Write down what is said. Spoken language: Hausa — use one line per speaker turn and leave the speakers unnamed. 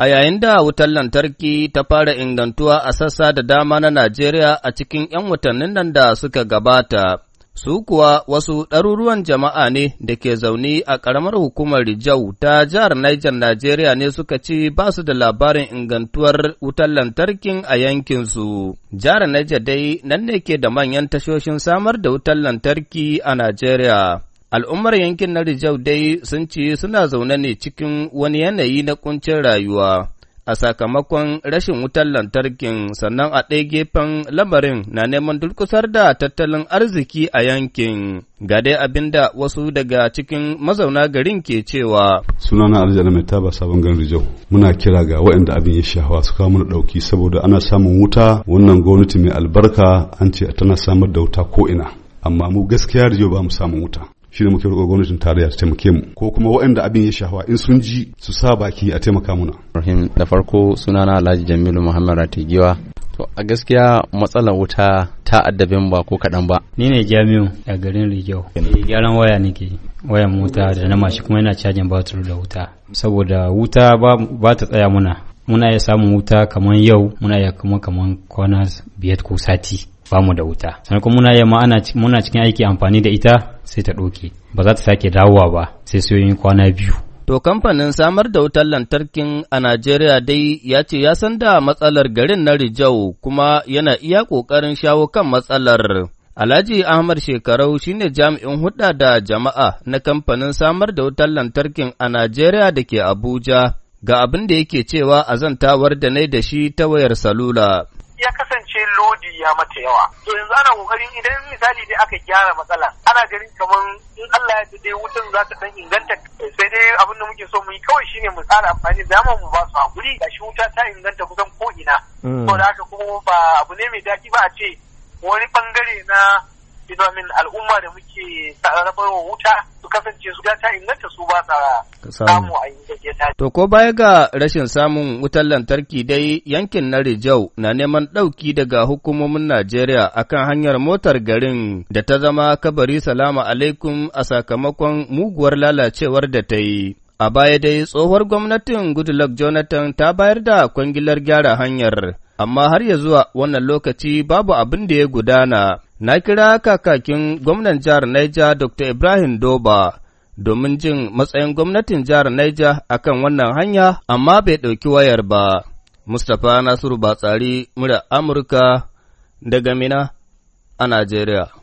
A yayin da wutar lantarki ta fara ingantuwa a sassa da dama na Najeriya a cikin ‘yan watannin nan da suka gabata, su kuwa wasu ɗaruruwan jama'a ne da ke zaune a ƙaramar hukumar Rijau ta jihar Niger Najeriya ne suka ci ba su da labarin ingantuwar wutar lantarkin a yankinsu. Jihar Niger dai nan ne ke da manyan tashoshin samar da wutar lantarki a Najeriya. Al'ummar yankin na Rijau dai sun ce suna zaune ne cikin wani yanayi na kuncin rayuwa a sakamakon rashin wutar lantarkin sannan a ɗaya gefen lamarin na neman durkusar da tattalin arziki a yankin. Ga dai abin da wasu daga cikin mazauna garin ke cewa.
Sunana Alhaji mai Taba sabon garin Rijau. Muna kira ga waɗanda abin ya shahawa su kawo mana ɗauki saboda ana samun wuta wannan gwamnati mai albarka an ce tana samar da wuta ko ina. Amma mu gaskiya Rijau ba mu samun wuta. shine muke roƙo gwamnatin tarayya ta taimake mu ko kuma waɗanda abin ya shafa in sun ji su sa baki a taimaka muna rahim da farko sunana Alhaji Jamilu Muhammad Ratigiwa to a gaskiya matsalar
wuta ta addabin ba ko kaɗan ba ni ne Jamiu a garin Rijau eh, gyaran waya nake wayan mota da na mashi kuma yana cajin batir da wuta saboda wuta ba ta tsaya muna muna iya samun wuta kamar yau muna iya kuma kamar kwana biyar ko sati bamu da wuta sannan kuma muna yamma muna cikin aiki amfani da ita sai ta ɗoke ba za ta sake dawowa ba sai soyoyin kwana biyu
To kamfanin samar da wutar lantarkin a Najeriya dai ya ce ya san da matsalar garin na Rijau kuma yana iya ƙoƙarin shawo kan matsalar. Alhaji Ahmad Shekarau shine jami'in huɗa da jama'a na kamfanin samar da wutar lantarkin a Najeriya da ke Abuja ga abin da yake cewa a zantawar da nai da shi ta wayar salula.
Ya lodi ya mata yawa to yanzu ana kokarin idan misali dai aka gyara matsala ana ganin kamar in Allah ya dade wutan za ta dan inganta sai dai abin da muke so mu yi kawai shine mu tsara amfani da mu ba su hakuri shi wuta ta inganta kusan ko ina to hmm. da haka kuma ba abu ne mai daki ba a ce wani bangare na domin al'umma da muke sarrafa wuta
su kasance su ta
inganta su ba sa samu a ta. To ko baya ga rashin samun wutar lantarki dai yankin na Rijau na neman ɗauki daga hukumomin Najeriya akan hanyar motar garin da ta zama kabari salama alaikum a sakamakon muguwar lalacewar da ta yi. A baya dai tsohuwar gwamnatin Goodluck Jonathan ta bayar da kwangilar gyara hanyar, amma har ya zuwa wannan lokaci babu abin da ya gudana. na kira kakakin gwamnan jihar Naija Dr. Ibrahim Doba domin jin matsayin gwamnatin jihar Naija akan wannan hanya amma bai ɗauki wayar ba. Mustapha Nasiru Batsari, murya Amurka daga Mina a Najeriya.